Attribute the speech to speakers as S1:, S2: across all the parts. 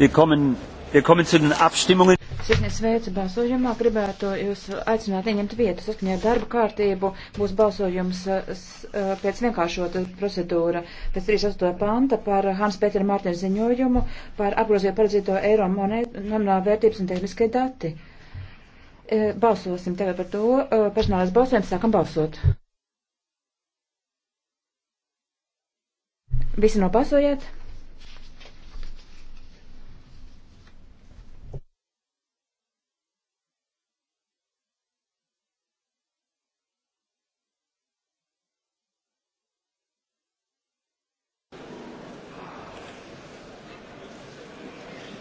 S1: Wir kommen, wir kommen zu den Abstimmungen. Sirsnieks sveicu balsojumā. Gribētu jūs aicināt ieņemt vietu saskaņā ar darba kārtību. Būs balsojums eh, eh, pēc vienkāršota procedūra pēc 38. panta par Hans Pētera Mārtiņa ziņojumu par apgrozījā paredzīto eiro monētu nominālu vērtības un tehniskie dati. Eh, balsosim tagad par to. Personālais balsojums sākam balsot. Visi nobalsojāt?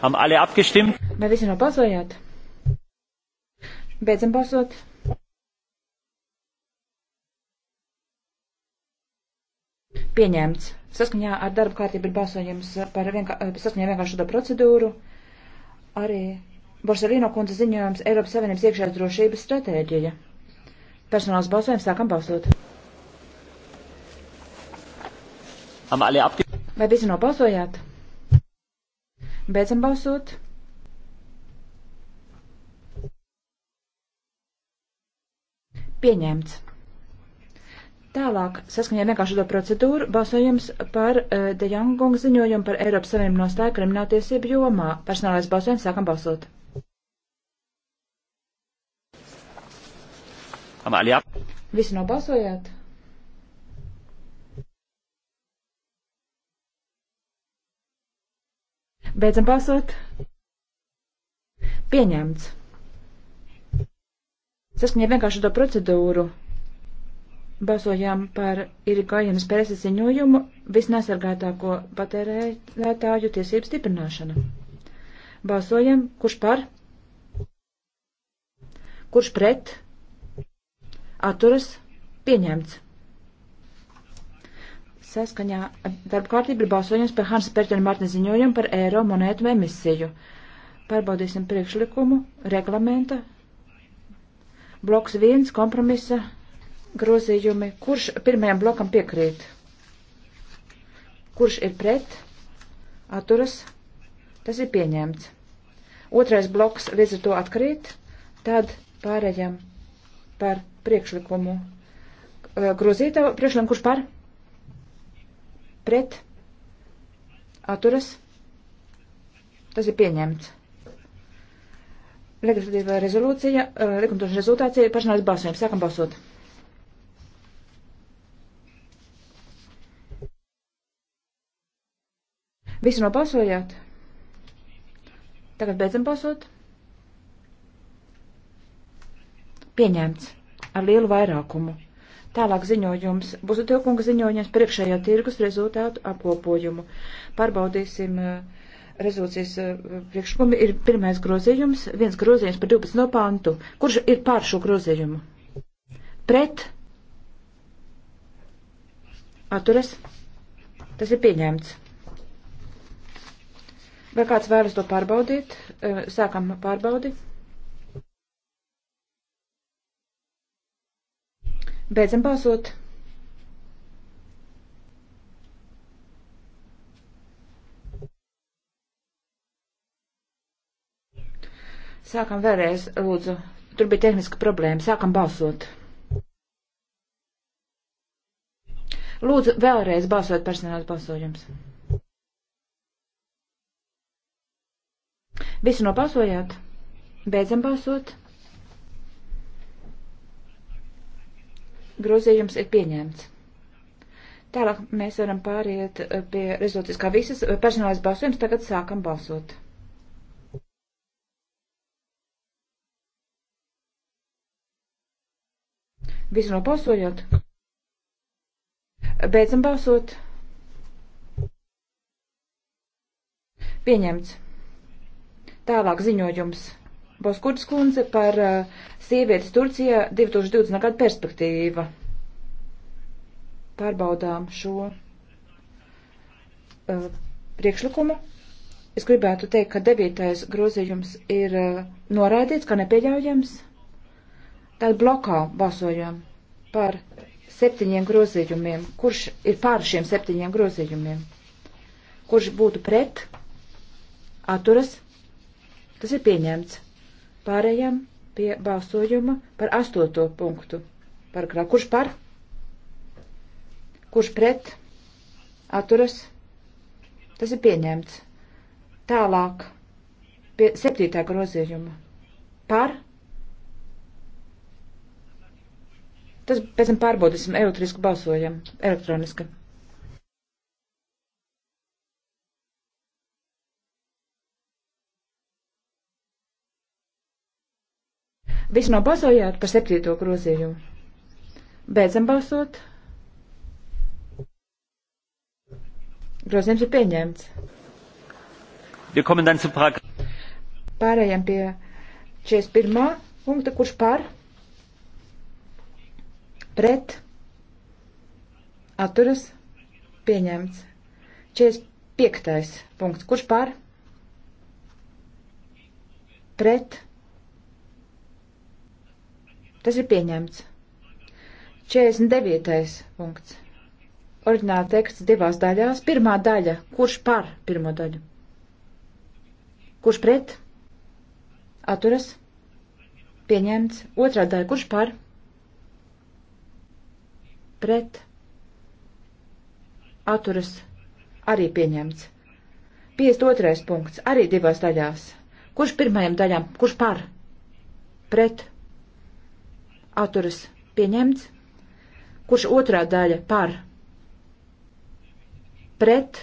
S2: Haben alle abgestimmt?
S1: Vai visi nobalsojāt? Beidzam balsot. Pieņemts. Saskaņā ar darba kārtību ir balsojums par vienkā, eh, saskaņā vienkāršoto procedūru. Arī Borsalino kundze ziņojums Eiropas Savienības iekšējās drošības stratēģija. Personāls balsojums sākam balsot. Vai visi nobalsojāt? Beidzam balsot. Pieņemts. Tālāk, saskaņā vienkārši to procedūru, balsojums par uh, De Jongunga ziņojumu par Eiropas Savienību nostāju krimināltiesību jomā. Personālais balsojums sākam balsot. Amālijā. Visi nobalsojāt? Beidzam balsot. Pieņemts. Saskaņā vienkārši to procedūru balsojām par Irigājanas pēces ziņojumu visnesargātāko patērētāju tiesību stiprināšanu. Balsojam, kurš par, kurš pret, atturas, pieņemts. Saskaņā darba kārtība ir balsojums par Hansa Pērķena Martne ziņojumu par eiro monētu emisiju. Pārbaudīsim priekšlikumu, reglamenta, bloks viens, kompromisa, grozījumi. Kurš pirmajam blokam piekrīt? Kurš ir pret? Atturas? Tas ir pieņemts. Otrais bloks līdz ar to atkrīt, tad pārējām par priekšlikumu. Grozītā priekšlikumu, kurš par? pret atturas. Tas ir pieņemts. Legislatīvā rezolūcija, eh, likumdošanas rezultācija, pašnājas balsojums. Sākam balsot. Visi nobalsojāt? Tagad beidzam balsot. Pieņemts ar lielu vairākumu. Tālāk ziņojums. Būs tilkunga ziņojums par iekšējā tirgus rezultātu apkopojumu. Pārbaudīsim eh, rezolūcijas eh, priekšlikumi. Ir pirmais grozījums, viens grozījums par 12. pantu. Kurš ir pār šo grozījumu? Pret? Atturas? Tas ir pieņemts. Vai kāds vēlas to pārbaudīt? Eh, sākam pārbaudi. Beidzam balsot. Sākam vēlreiz, lūdzu. Tur bija tehniska problēma. Sākam balsot. Lūdzu, vēlreiz balsot personāls balsojums. Visi nobalsojāt? Beidzam balsot. grozījums ir pieņemts. Tālāk mēs varam pāriet eh, pie rezultātīs kā visas eh, personālais balsojums. Tagad sākam balsot. Visu nobalsojot. Beidzam balsot. Pieņemts. Tālāk ziņojums. Boskurts kundze par uh, sievietes Turcijā 2020. gada perspektīva. Pārbaudām šo uh, priekšlikumu. Es gribētu teikt, ka devītais grozījums ir uh, noraidīts, kā nepieļaujams. Tad blokā balsojam par septiņiem grozījumiem. Kurš ir pār šiem septiņiem grozījumiem? Kurš būtu pret? Atturas? Tas ir pieņemts. Pārējām pie balsojuma par astoto punktu. Paragrā. Kurš par? Kurš pret? Atturas? Tas ir pieņemts. Tālāk pie septītā grozījuma. Par? Tas pēc tam pārbaudīsim elektriski balsojam, elektroniski. Visi nobalsojāt par septīto grozījumu. Beidzam balsot. Grozījums ir pieņemts. Pārējām pie 41. punkta, kurš par, pret, atturas, pieņemts. 45. punkts, kurš par, pret, atturas Tas ir pieņemts. 49. punkts. Oriģināla teksts divās daļās. Pirmā daļa. Kurš par pirmo daļu? Kurš pret? Atturas. Pieņemts. Otrā daļa. Kurš par? Pret. Atturas. Arī pieņemts. 52. punkts. Arī divās daļās. Kurš pirmajam daļām? Kurš par? Pret Atturas pieņemts. Kurš otrā daļa par? Pret.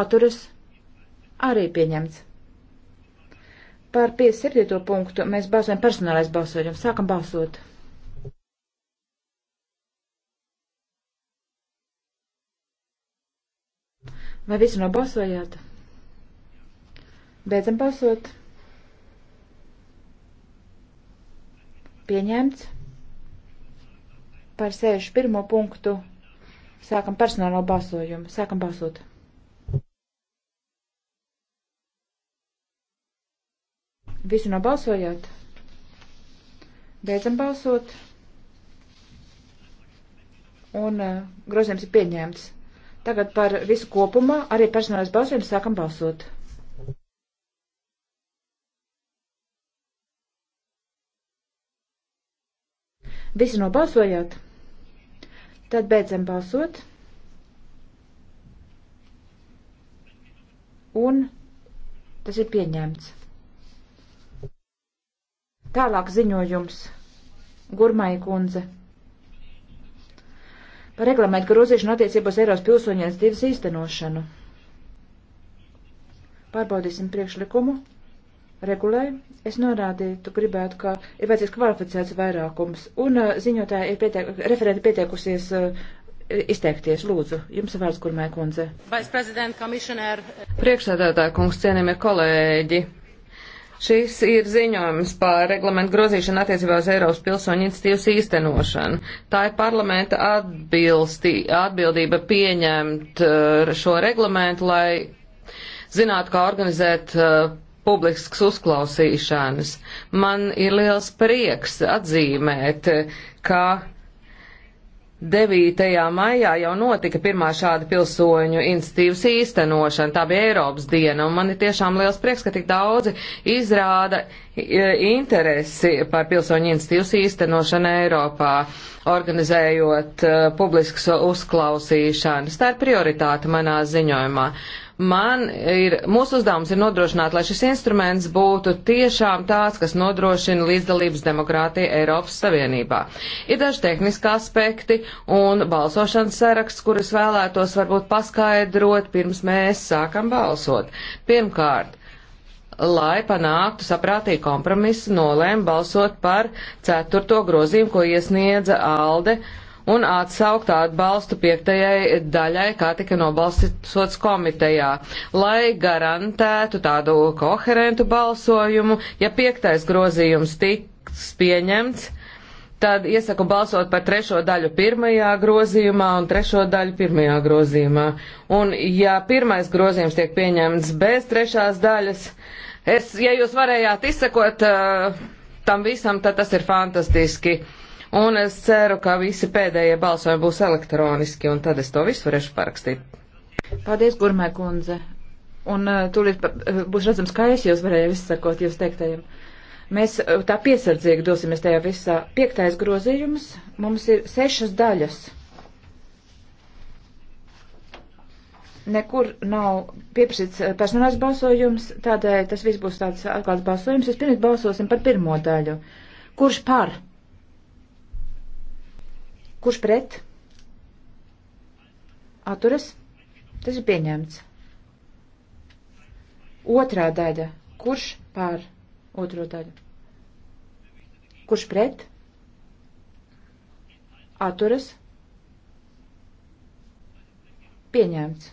S1: Atturas arī pieņemts. Par 57. punktu mēs balsojam personālais balsojums. Sākam balsot. Vai visi nobalsojāt? Beidzam balsot. Pieņemts. Par 61. punktu sākam personālo balsojumu. Sākam balsot. Visi nobalsojāt? Beidzam balsot. Un uh, grozījums ir pieņemts. Tagad par visu kopumā arī personālais balsojums sākam balsot. Visi nobalsojāt? Tad beidzam balsot. Un tas ir pieņemts. Tālāk ziņojums. Gurmai kundze. Par reglamentu grozīšanu attiecībos Eiropas pilsoņiem divas īstenošanu. Pārbaudīsim priekšlikumu regulē, es norādītu, gribētu, ka ir vajadzīgs kvalificēts vairākums, un uh, ziņotāja ir pieteik, referenti pieteikusies uh, izteikties. Lūdzu, jums ir vārds,
S2: kurmē kundze.
S1: Priekšsēdētāja
S2: kungs, cienījamie kolēģi, šis ir ziņojums par reglamentu grozīšanu attiecībā uz Eiropas pilsoņu institīvas īstenošanu. Tā ir parlamenta atbilsti, atbildība pieņemt uh, šo reglamentu, lai zinātu, kā organizēt uh, publisks uzklausīšanas. Man ir liels prieks atzīmēt, ka 9. maijā jau notika pirmā šāda pilsoņu institīvas īstenošana, tā bija Eiropas diena, un man ir tiešām liels prieks, ka tik daudzi izrāda e, interesi par pilsoņu institīvas īstenošanu Eiropā, organizējot uh, e, publiskas uzklausīšanas. Tā ir prioritāte manā ziņojumā. Uh, Man ir, mūsu uzdevums ir nodrošināt, lai šis instruments būtu tiešām tāds, kas nodrošina līdzdalības demokrātiju Eiropas Savienībā. Ir daži tehniski aspekti un balsošanas saraksts, kurus vēlētos varbūt paskaidrot, pirms mēs sākam balsot. Pirmkārt, lai panāktu saprātīgu kompromisu, nolēma balsot par ceturto grozījumu, ko iesniedza Alde un atsaukt atbalstu piektajai daļai, kā tika nobalstots komitejā, lai garantētu tādu koherentu balsojumu. Ja piektais grozījums tiks pieņemts, tad iesaku balsot par trešo daļu pirmajā grozījumā un trešo daļu pirmajā grozījumā. Un ja pirmais grozījums tiek pieņemts bez trešās daļas, es, ja jūs varējāt izsekot uh, tam visam, tad tas ir fantastiski. Uh, Un es ceru, ka visi pēdējie balsojumi būs elektroniski, un tad es to visu varēšu parakstīt.
S1: Paldies, Gurmē kundze. Un uh, tūlīt uh, būs redzams, kā es jūs varēju izsakot jūs teiktajiem. Mēs uh, tā piesardzīgi dosimies tajā visā. Piektais grozījums. Mums ir sešas daļas. nekur nav pieprasīts uh, personālais balsojums, tādēļ tas viss būs tāds atklāts balsojums. Vispirms balsosim par pirmo daļu. Kurš par? Kurš pret? Atturas. Tas ir pieņemts. Otrā daļa. Kurš pār otro daļu? Kurš pret? Atturas. Pieņemts.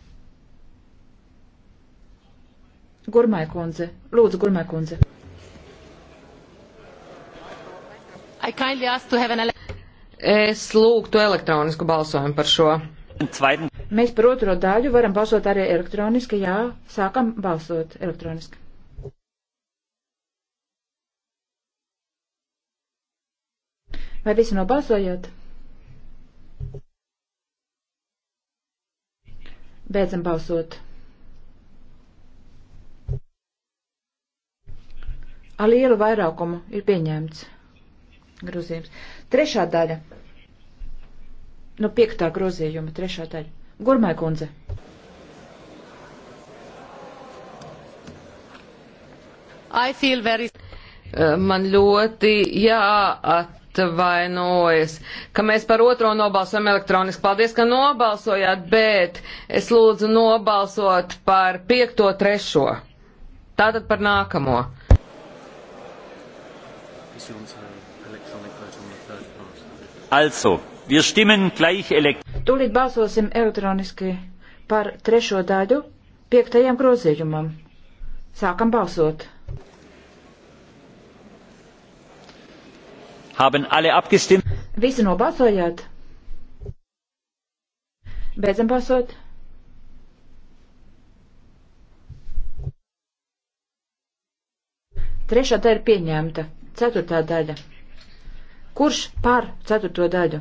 S1: Gurmai kundze. Lūdzu,
S2: Gurmai kundze. I kindly ask to have an Es lūgtu elektronisku balsojumu par šo. Mēs par
S1: otro daļu varam balsot arī elektroniski, jā, sākam balsot elektroniski. Vai visi nobalsojot? Beidzam balsot. Ar lielu vairākumu ir pieņemts grozījums. Trešā daļa. No piektā grozījuma, trešā daļa. Gurmai kundze.
S2: Very... Eh, man ļoti jāatvainojas, ka mēs par otro nobalsojam elektroniski. Paldies, ka nobalsojāt, bet es lūdzu nobalsot par piekto trešo. Tātad par nākamo. Es jums Also, wir stimmen gleich
S1: Tūlīt balsosim elektroniski par trešo daļu piektajam grozījumam. Sākam balsot. Haben alle abgestimmt? Visi nobalsojāt? Beidzam balsot. Trešā daļa pieņemta. Ceturtā daļa. Kurš par ceturto daļu?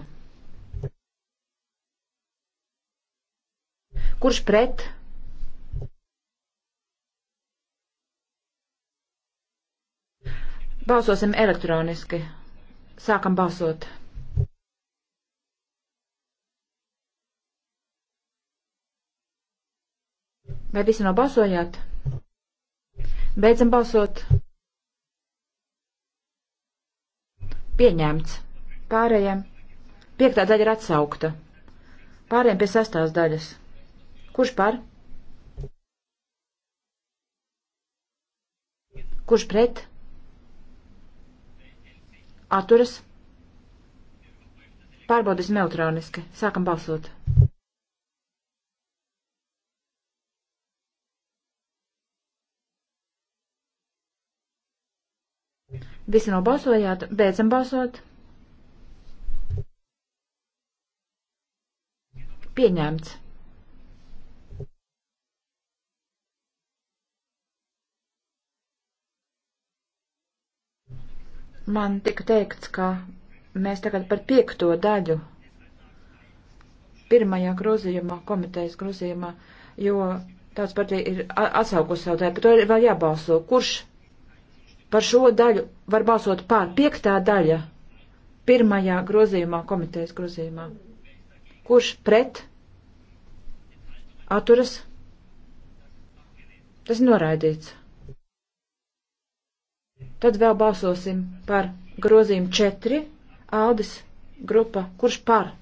S1: Kurš pret? Balsosim elektroniski. Sākam balsot. Vai visi nobalsojāt? Beidzam balsot. Pieņemts. Pārējiem. Piektā daļa ir atsaukta. Pārējiem pie sastās daļas. Kurš par? Kurš pret? Atturas. Pārbaudīsim elektroniski. Sākam balsot. Visi nobalsojāt, beidzam balsot. Pieņemts. Man tika teikts, ka mēs tagad par piekto daļu pirmajā grozījumā, komitejas grozījumā, jo tāds partija ir atsaukusi savu daļu, par to ir vēl jābalso. Kurš Par šo daļu var balsot pār piektā daļa pirmajā grozījumā, komitejas grozījumā. Kurš pret atturas? Tas noraidīts. Tad vēl balsosim par grozījumu 4, Aldis grupa, kurš par?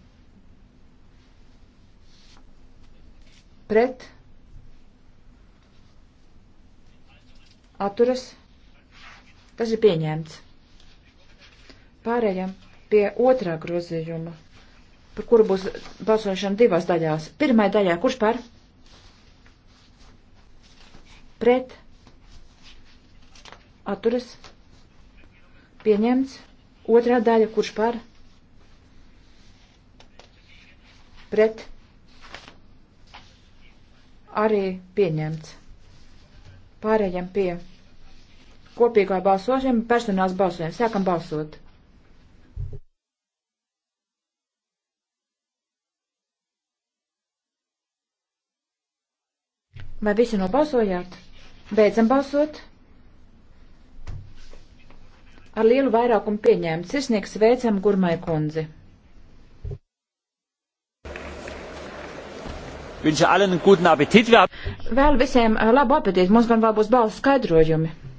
S1: Pret? Atturas? Tas ir pieņemts. Pārējām pie otrā grozījuma, par kuru būs balsošana divās daļās. Pirmā daļā, kurš par? Pret. Atturas. Pieņemts. Otrā daļa, kurš par? Pret. Arī pieņemts. Pārējām pie kopīgā balsošana, personāls balsojums. Sākam balsot. Vai visi nobalsojāt? Beidzam balsot. Ar lielu vairākumu pieņēmts sirsnieks veicam gurmai
S2: kundzi. Vēl
S1: visiem eh, labu apetīti, mums gan vēl būs balsu skaidrojumi.